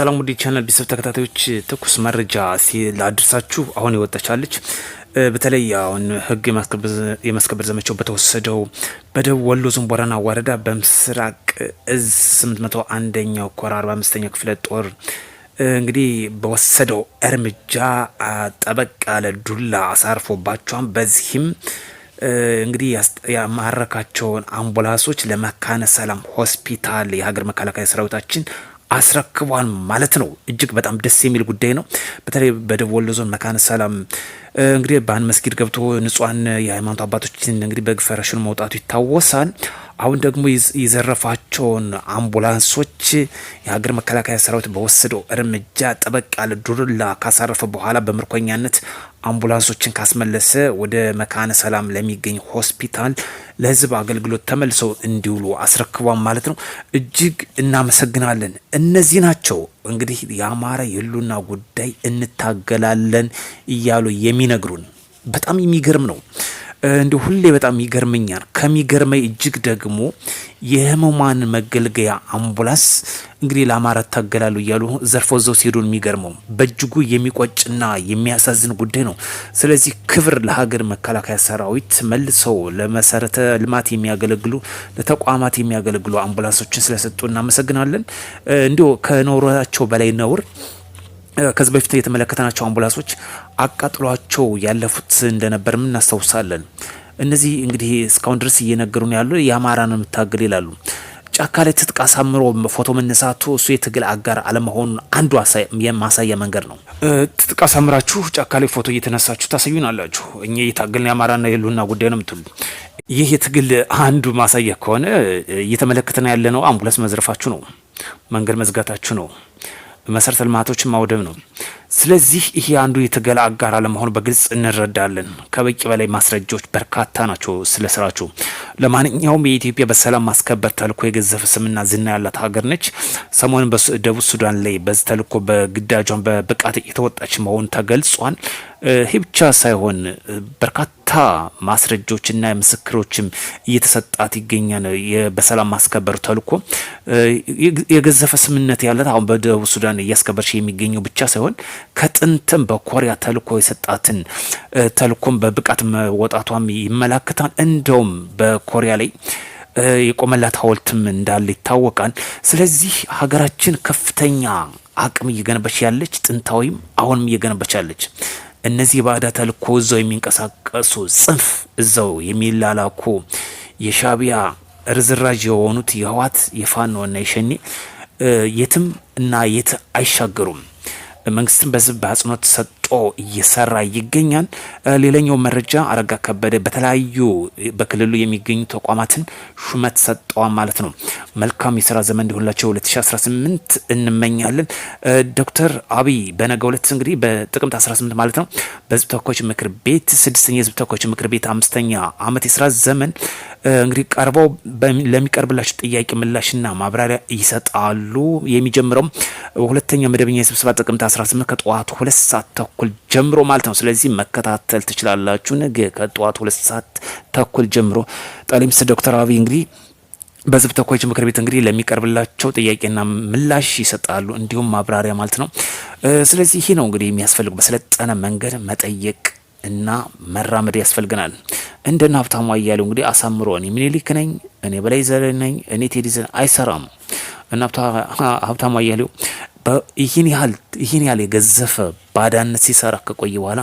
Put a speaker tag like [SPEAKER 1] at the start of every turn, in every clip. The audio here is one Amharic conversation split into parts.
[SPEAKER 1] ሰላም ውድ ቻናል ቤተሰብ ተከታታዮች ትኩስ መረጃ ሲላድርሳችሁ አሁን ይወጣቻለች። በተለይ አሁን ህግ የማስከበር ዘመቻው በተወሰደው በደቡብ ወሎ ዞን ቦረና ወረዳ በምስራቅ እዝ 801ኛው ኮር 45ኛ ክፍለ ጦር እንግዲህ በወሰደው እርምጃ ጠበቅ ያለ ዱላ አሳርፎባቸዋል። በዚህም እንግዲህ ያማረካቸውን አምቡላንሶች ለመካነ ሰላም ሆስፒታል የሀገር መከላከያ ሰራዊታችን አስረክቧል ማለት ነው። እጅግ በጣም ደስ የሚል ጉዳይ ነው። በተለይ በደቡብ ወሎ ዞን መካነ ሰላም እንግዲህ በአንድ መስጊድ ገብቶ ንጹሐን የሃይማኖት አባቶችን እንግዲህ በግፈረሽኑ መውጣቱ ይታወሳል። አሁን ደግሞ የዘረፋቸውን አምቡላንሶች የሀገር መከላከያ ሰራዊት በወሰደው እርምጃ ጠበቅ ያለ ዱርላ ካሳረፈ በኋላ በምርኮኛነት አምቡላንሶችን ካስመለሰ ወደ መካነ ሰላም ለሚገኝ ሆስፒታል ለህዝብ አገልግሎት ተመልሰው እንዲውሉ አስረክቧን ማለት ነው። እጅግ እናመሰግናለን። እነዚህ ናቸው እንግዲህ የአማራ የህልውና ጉዳይ እንታገላለን እያሉ የሚነግሩን። በጣም የሚገርም ነው። እንዲ ሁሌ በጣም ይገርመኛል። ከሚገርመኝ እጅግ ደግሞ የህሙማን መገልገያ አምቡላንስ እንግዲህ ለአማራ ታገላሉ እያሉ ዘርፎ ዘው ሲሄዱን የሚገርመው በእጅጉ የሚቆጭና የሚያሳዝን ጉዳይ ነው። ስለዚህ ክብር ለሀገር መከላከያ ሰራዊት መልሰው ለመሰረተ ልማት የሚያገለግሉ ለተቋማት የሚያገለግሉ አምቡላንሶችን ስለሰጡ እናመሰግናለን። እንዲሁ ከኖሯቸው በላይ ነውር ከዚህ በፊት የተመለከተናቸው አምቡላንሶች አቃጥሏቸው ያለፉት እንደነበር እናስታውሳለን። እነዚህ እንግዲህ እስካሁን ድረስ እየነገሩን ያሉ የአማራን የምታገል ይላሉ። ጫካ ላይ ትጥቅ አሳምሮ ፎቶ መነሳቱ እሱ የትግል አጋር አለመሆኑን አንዱ የማሳያ መንገድ ነው። ትጥቅ አሳምራችሁ ጫካ ላይ ፎቶ እየተነሳችሁ ታሳዩን አላችሁ። እኛ እየታገልን የአማራና የሉና ጉዳይ ነው የምትሉ ይህ የትግል አንዱ ማሳያ ከሆነ እየተመለከተን ያለነው አምቡላንስ መዝረፋችሁ ነው፣ መንገድ መዝጋታችሁ ነው። መሰረተ ልማቶችን ማውደም ነው። ስለዚህ ይሄ አንዱ የትግል አጋር አለመሆኑ በግልጽ እንረዳለን። ከበቂ በላይ ማስረጃዎች በርካታ ናቸው ስለ ስራቸው። ለማንኛውም የኢትዮጵያ በሰላም ማስከበር ተልእኮ የገዘፈ ስምና ዝና ያላት ሀገር ነች። ሰሞኑን በደቡብ ሱዳን ላይ በዚህ ተልእኮ በግዳጇን በብቃት የተወጣች መሆኑ ተገልጿል። ይህ ብቻ ሳይሆን በርካታ በርካታ ማስረጃዎችና ምስክሮችም እየተሰጣት ይገኛል። በሰላም ማስከበር ተልኮ የገዘፈ ስምምነት ያለት አሁን በደቡብ ሱዳን እያስከበርሽ የሚገኘው ብቻ ሳይሆን ከጥንትም በኮሪያ ተልኮ የሰጣትን ተልኮም በብቃት መወጣቷም ይመላክታል። እንደውም በኮሪያ ላይ የቆመላት ሐውልትም እንዳለ ይታወቃል። ስለዚህ ሀገራችን ከፍተኛ አቅም እየገነበች ያለች ጥንታዊም አሁንም እየገነበች ያለች እነዚህ ባዕዳ ተልኮ እዛው የሚንቀሳቀሱ ጽንፍ እዛው የሚላላኩ የሻቢያ ርዝራዥ የሆኑት የህዋት የፋኖና የሸኔ የትም እና የት አይሻገሩም። መንግስትም በዚህ በአጽንኦት እየሰራ ይገኛል። ሌላኛው መረጃ አረጋ ከበደ በተለያዩ በክልሉ የሚገኙ ተቋማትን ሹመት ሰጠዋ ማለት ነው። መልካም የስራ ዘመን እንዲሆንላቸው 2018 እንመኛለን። ዶክተር አብይ በነገ ሁለት እንግዲህ በጥቅምት 18 ማለት ነው በህዝብ ተወካዮች ምክር ቤት ስድስተኛ የህዝብ ተወካዮች ምክር ቤት አምስተኛ ዓመት የስራ ዘመን እንግዲህ ቀርበው ለሚቀርብላቸው ጥያቄ ምላሽና ማብራሪያ ይሰጣሉ። የሚጀምረው ሁለተኛ መደበኛ የስብሰባ ጥቅምት 18 ከጠዋቱ ሁለት ሰዓት ተኩል ተኩል ጀምሮ ማለት ነው። ስለዚህ መከታተል ትችላላችሁ። ነገ ከጠዋት ሁለት ሰዓት ተኩል ጀምሮ ጠቅላይ ሚኒስትር ዶክተር አብይ እንግዲህ በህዝብ ተወካዮች ምክር ቤት እንግዲህ ለሚቀርብላቸው ጥያቄና ምላሽ ይሰጣሉ፣ እንዲሁም ማብራሪያ ማለት ነው። ስለዚህ ይህ ነው እንግዲህ የሚያስፈልጉ በሰለጠነ መንገድ መጠየቅ እና መራመድ ያስፈልገናል። እንደነ ሀብታሙ አያሌው እንግዲህ አሳምሮ እኔ ምኒልክ ነኝ፣ እኔ በላይ ዘለቀ ነኝ፣ እኔ ቴዲዘን አይሰራም እና ሀብታሙ አያሌው ይህን ያህል ይህን ያህል የገዘፈ ባዳነት ሲሰራ ከቆየ በኋላ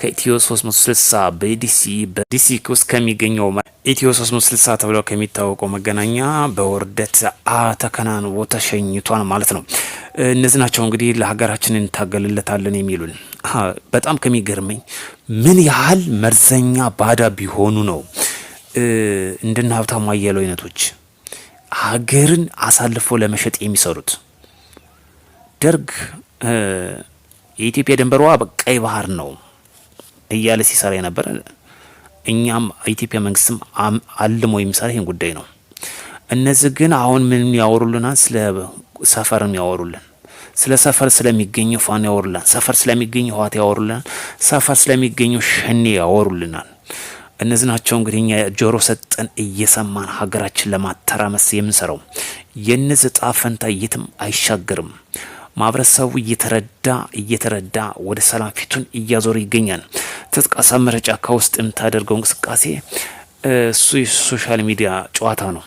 [SPEAKER 1] ከኢትዮ 360 በዲሲ በዲሲ ውስጥ ከሚገኘው ኢትዮ 360 ተብሎ ከሚታወቀው መገናኛ በውርደት ተከናንቦ ተሸኝቷል ማለት ነው። እነዚህ ናቸው እንግዲህ ለሀገራችን እንታገልለታለን የሚሉን። በጣም ከሚገርመኝ ምን ያህል መርዘኛ ባዳ ቢሆኑ ነው እንደነ ሀብታሙ አያሌው አይነቶች ሀገርን አሳልፎ ለመሸጥ የሚሰሩት። ደርግ የኢትዮጵያ ድንበሯ በቀይ ባህር ነው እያለ ሲሰራ የነበረ እኛም የኢትዮጵያ መንግስትም አልሞ የሚሰራ ይህን ጉዳይ ነው። እነዚህ ግን አሁን ምን ያወሩልናል? ስለ ሰፈር ያወሩልን፣ ስለ ሰፈር ስለሚገኘው ፋኖ ያወሩልናል፣ ሰፈር ስለሚገኘው ህወሓት ያወሩልናል፣ ሰፈር ስለሚገኘው ሸኔ ያወሩልናል። እነዚህ ናቸው እንግዲህ እኛ ጆሮ ሰጠን እየሰማን ሀገራችን ለማተራመስ የምንሰራው። የእነዚህ ጣፈንታ የትም አይሻገርም። ማህበረሰቡ እየተረዳ እየተረዳ ወደ ሰላም ፊቱን እያዞረ ይገኛል። ተጥቃሳ መረጫ ከውስጥ የምታደርገው እንቅስቃሴ እሱ የሶሻል ሚዲያ ጨዋታ ነው።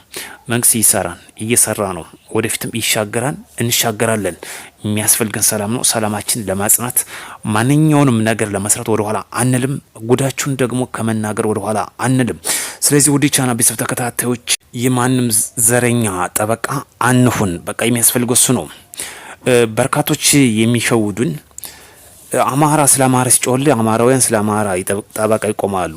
[SPEAKER 1] መንግስት ይሰራን እየሰራ ነው። ወደፊትም ይሻገራል፣ እንሻገራለን። የሚያስፈልገን ሰላም ነው። ሰላማችን ለማጽናት ማንኛውንም ነገር ለመስራት ወደኋላ አንልም። ጉዳችሁን ደግሞ ከመናገር ወደኋላ አንልም። ስለዚህ ውድ ቻና ቤተሰብ ተከታታዮች የማንም ዘረኛ ጠበቃ አንሁን። በቃ የሚያስፈልገው እሱ ነው። በርካቶች የሚሸውዱን አማራ ስለ አማራ ሲጮል አማራውያን ስለ አማራ ጠበቃ ይቆማሉ፣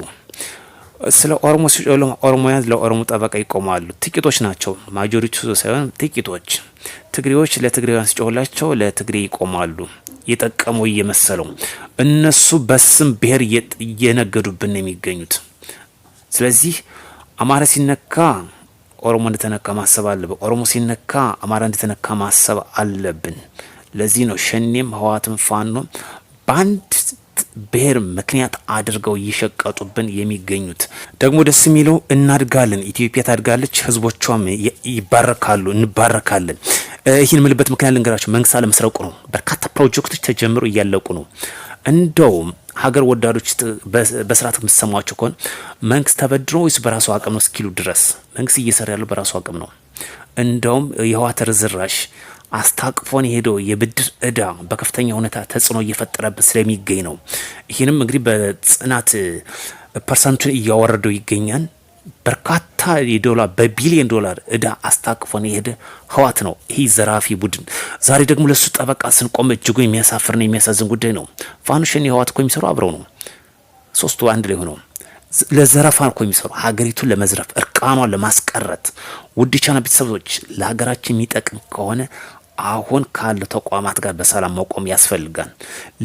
[SPEAKER 1] ስለ ኦሮሞ ሲጮል ኦሮሞውያን ኦሮሞ ጠበቃ ይቆማሉ። ጥቂቶች ናቸው፣ ማጆሪቲ ሳይሆን ጥቂቶች። ትግሬዎች ለትግሬውያን ሲጮላቸው ለትግሬ ይቆማሉ። የጠቀመው እየመሰለው እነሱ በስም ብሔር እየነገዱብን የሚገኙት። ስለዚህ አማራ ሲነካ ኦሮሞ እንደተነካ ማሰብ አለብን። ኦሮሞ ሲነካ አማራ እንደተነካ ማሰብ አለብን። ለዚህ ነው ሸኔም ህዋትም ፋኖም በአንድ ብሔር ምክንያት አድርገው እየሸቀጡብን የሚገኙት። ደግሞ ደስ የሚለው እናድጋለን፣ ኢትዮጵያ ታድጋለች፣ ህዝቦቿም ይባረካሉ፣ እንባረካለን። ይህን ምልበት ምክንያት ልንገራቸው። መንግስት አለመስረቁ ነው። በርካታ ፕሮጀክቶች ተጀምሮ እያለቁ ነው። እንደውም ሀገር ወዳዶች በስርዓት የምትሰሟቸው ከሆነ መንግስት ተበድሮ ወይስ በራሱ አቅም ነው እስኪሉ ድረስ መንግስት እየሰራ ያለው በራሱ አቅም ነው። እንደውም የህወሓት ርዝራሽ አስታቅፎን የሄደው የብድር እዳ በከፍተኛ ሁኔታ ተጽዕኖ እየፈጠረበት ስለሚገኝ ነው። ይህንም እንግዲህ በጽናት ፐርሰንቱን እያወረደው ይገኛል። በርካታ የዶላር በቢሊዮን ዶላር እዳ አስታቅፎን የሄደ ህዋት ነው። ይህ ዘራፊ ቡድን ዛሬ ደግሞ ለሱ ጠበቃ ስንቆም እጅጉ የሚያሳፍርና የሚያሳዝን ጉዳይ ነው። ፋኑሽን የህዋት እኮ የሚሰሩ አብረው ነው። ሶስቱ አንድ ላይ ሆነው ለዘረፋ እኮ የሚሰሩ ሀገሪቱን ለመዝረፍ እርቃኗን ለማስቀረት። ውድ ቻና ቤተሰቦች ለሀገራችን የሚጠቅም ከሆነ አሁን ካሉ ተቋማት ጋር በሰላም መቆም ያስፈልጋል።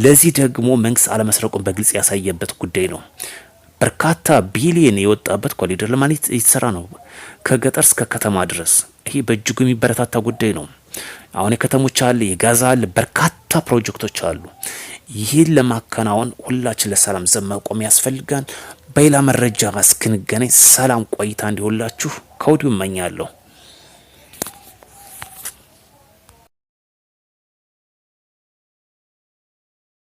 [SPEAKER 1] ለዚህ ደግሞ መንግስት አለመስረቁን በግልጽ ያሳየበት ጉዳይ ነው። በርካታ ቢሊየን የወጣበት ኮሪደር ልማት የተሰራ ነው፣ ከገጠር እስከ ከተማ ድረስ። ይሄ በእጅጉ የሚበረታታ ጉዳይ ነው። አሁን የከተሞች አለ፣ የጋዛ አለ፣ በርካታ ፕሮጀክቶች አሉ። ይህን ለማከናወን ሁላችን ለሰላም ዘብ መቆም ያስፈልጋል። በሌላ መረጃ እስክንገናኝ ሰላም ቆይታ እንዲሆንላችሁ ከወዲሁ እመኛለሁ።